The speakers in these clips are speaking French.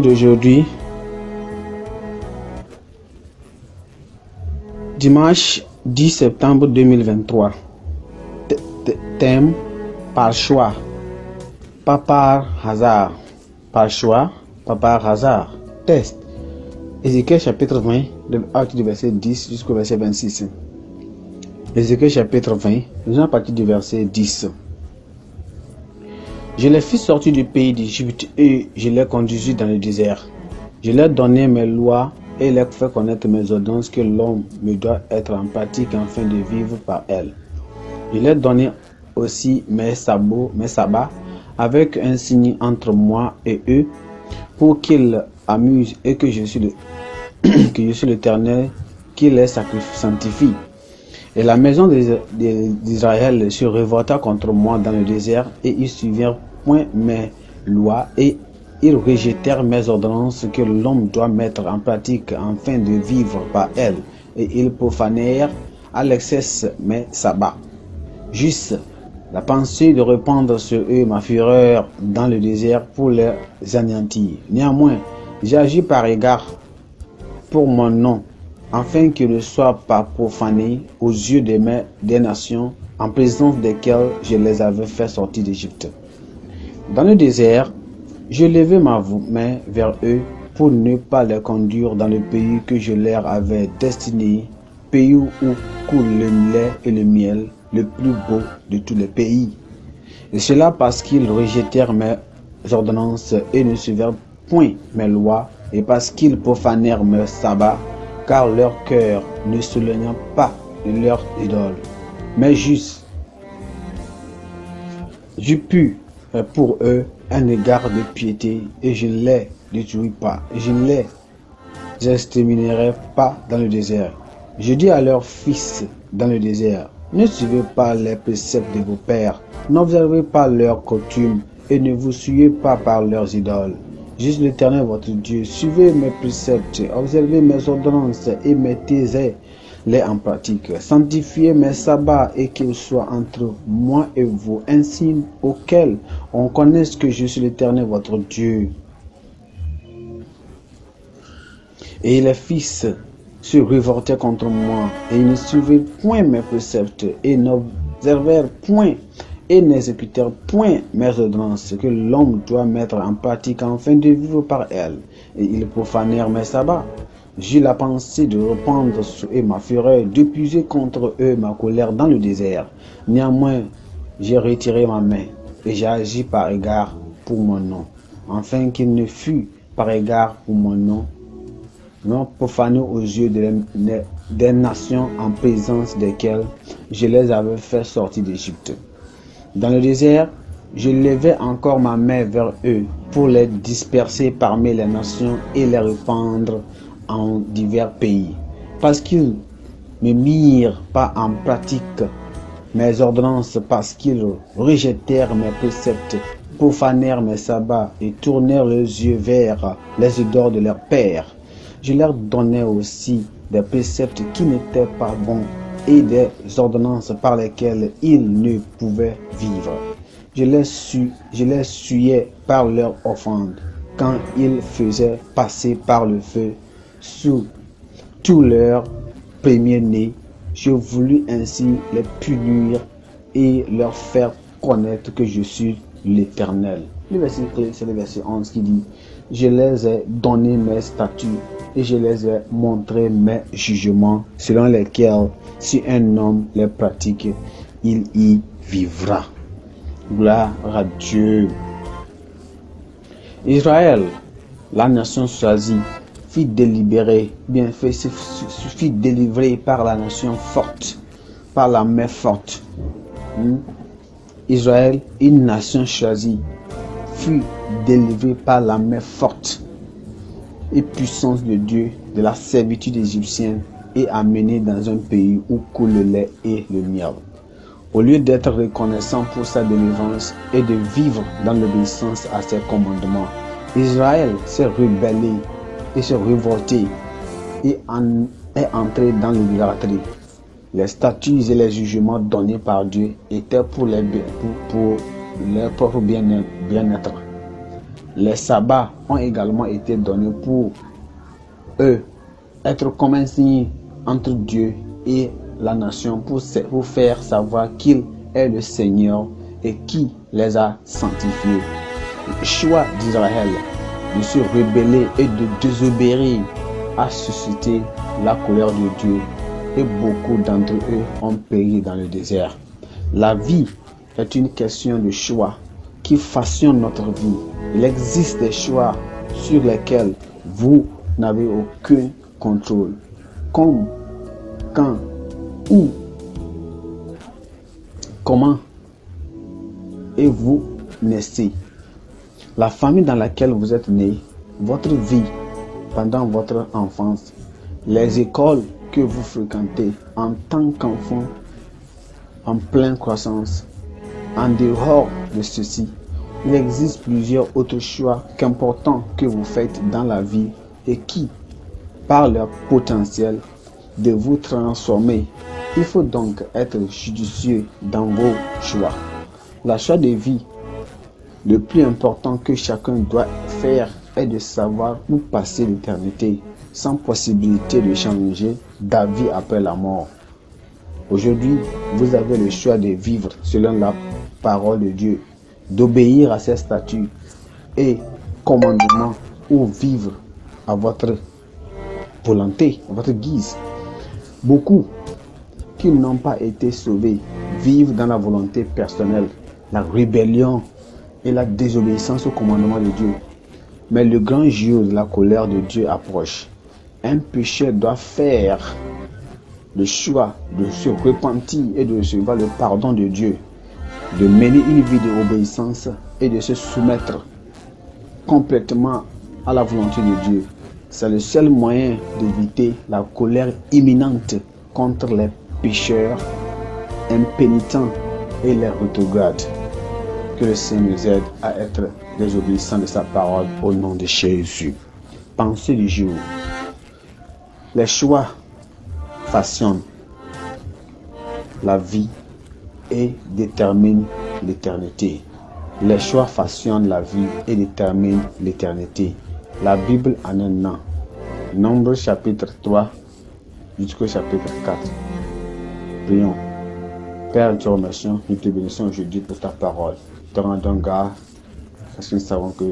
d'aujourd'hui, dimanche 10 septembre 2023. Thème par choix, pas par hasard. Par choix, pas par hasard. Test. Ézéchiel chapitre 20, de du verset 10 jusqu'au verset 26. Ézéchiel chapitre 20, nous allons partir du verset 10. Je les fis sortir du pays d'Égypte et je les conduisis dans le désert. Je leur donnai mes lois et leur fais connaître mes ordonnances que l'homme me doit être en pratique afin de vivre par elles. Je leur donnai aussi mes sabots, mes sabbats, avec un signe entre moi et eux, pour qu'ils amusent et que je suis que je suis l'Éternel qui les sanctifie. Et la maison d'Israël se révolta contre moi dans le désert, et ils suivirent point mes lois, et ils rejetèrent mes ordonnances que l'homme doit mettre en pratique afin de vivre par elles, et ils profanèrent à l'excès mes sabbats. Juste la pensée de répandre sur eux ma fureur dans le désert pour les anéantir. Néanmoins, j'agis par égard pour mon nom afin qu'ils ne soient pas profané aux yeux des mains des nations en présence desquelles je les avais fait sortir d'Égypte. Dans le désert, je levais ma main vers eux pour ne pas les conduire dans le pays que je leur avais destiné, pays où coule le lait et le miel, le plus beau de tous les pays. Et cela parce qu'ils rejetèrent mes ordonnances et ne suivirent point mes lois, et parce qu'ils profanèrent mes sabbats car leur cœur ne se pas de leur idole, mais juste. J'ai pu pour eux un égard de piété et je ne les détruis pas, je ne les exterminerai pas dans le désert. Je dis à leurs fils dans le désert, ne suivez pas les préceptes de vos pères, n'observez pas leurs coutumes et ne vous suivez pas par leurs idoles. Juste l'Éternel votre Dieu. Suivez mes préceptes, observez mes ordonnances et mettez-les en pratique. Sanctifiez mes sabbats et qu'ils soient entre moi et vous un signe auquel on connaisse que je suis l'Éternel votre Dieu. Et les fils se révoltaient contre moi et ils ne suivaient point mes préceptes et n'observèrent point et n'exécutèrent point mes ordonnances que l'homme doit mettre en pratique afin de vivre par elles, et ils profanèrent mes sabbats. J'ai la pensée de reprendre et ma fureur, d'épuiser contre eux ma colère dans le désert. Néanmoins, j'ai retiré ma main et j'ai agi par égard pour mon nom, afin qu'il ne fût par égard pour mon nom, non profané aux yeux des nations en présence desquelles je les avais fait sortir d'Égypte. Dans le désert, je levai encore ma main vers eux pour les disperser parmi les nations et les répandre en divers pays. Parce qu'ils ne mirent pas en pratique mes ordonnances, parce qu'ils rejetèrent mes préceptes, profanèrent mes sabbats et tournèrent les yeux vers les idoles de leurs pères, Je leur donnai aussi des préceptes qui n'étaient pas bons et des ordonnances par lesquelles ils ne pouvaient vivre. Je les, su, je les suyais par leur offrande quand ils faisaient passer par le feu sous tous leurs premiers-nés. Je voulus ainsi les punir et leur faire connaître que je suis l'Éternel. Le verset 11 qui dit, je les ai donné mes statuts et je les ai montré mes jugements selon lesquels si un homme les pratique, il y vivra. Gloire à Dieu. Israël, la nation choisie, fut délibérée, bien fait, suffit délivrée par la nation forte, par la main forte. Hmm? Israël, une nation choisie, fut délivrée par la main forte et puissance de Dieu de la servitude égyptienne et amené dans un pays où coule le lait et le miel. Au lieu d'être reconnaissant pour sa délivrance et de vivre dans l'obéissance à ses commandements, Israël s'est rebellé et s'est révolté et en, est entré dans l'idolâtrie. Les statuts et les jugements donnés par Dieu étaient pour, les, pour, leur propre bien-être. bien bien être les sabbats ont également été donnés pour eux être comme un signe entre Dieu et la nation pour, vous faire savoir qu'il est le Seigneur et qui les a sanctifiés. Le choix d'Israël de se rebeller et de désobéir a suscité la colère de Dieu et beaucoup d'entre eux ont péri dans le désert. La vie est une question de choix qui façonne notre vie. Il existe des choix sur lesquels vous n'avez aucun contrôle. Comme, quand, où, comment et vous naissez. La famille dans laquelle vous êtes né, votre vie pendant votre enfance, les écoles que vous fréquentez en tant qu'enfant en pleine croissance, en dehors de ceci, il existe plusieurs autres choix qu'importants que vous faites dans la vie et qui, par leur potentiel, de vous transformer. Il faut donc être judicieux dans vos choix. La choix de vie, le plus important que chacun doit faire est de savoir où passer l'éternité, sans possibilité de changer d'avis après la mort. Aujourd'hui, vous avez le choix de vivre selon la parole de Dieu, d'obéir à ses statuts et commandements ou vivre à votre volonté, à votre guise. Beaucoup qui n'ont pas été sauvés vivent dans la volonté personnelle, la rébellion et la désobéissance au commandement de Dieu. Mais le grand jour de la colère de Dieu approche. Un péché doit faire le choix de se repentir et de recevoir le pardon de Dieu de mener une vie d'obéissance et de se soumettre complètement à la volonté de Dieu. C'est le seul moyen d'éviter la colère imminente contre les pécheurs impénitents et les retrogrades. Que le Seigneur nous aide à être désobéissants de sa parole au nom de Jésus. Pensez du jour. Les choix façonnent la vie et détermine l'éternité. Les choix façonnent la vie et déterminent l'éternité. La Bible en un an. Nombre chapitre 3 jusqu'au chapitre 4. Prions. Père, nous nous te bénissons aujourd'hui pour ta parole. Te rendons garde parce que nous savons que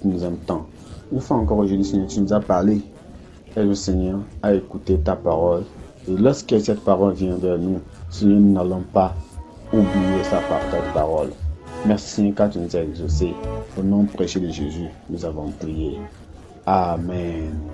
tu nous aimes tant. Une fois encore aujourd'hui, Seigneur, tu nous as parlé. et le Seigneur, a écouté ta parole. Et lorsque cette parole vient vers nous, Seigneur, nous n'allons pas oublier sa parfaite parole. Merci car tu nous as exaucés. Au nom prêché de Jésus, nous avons prié. Amen.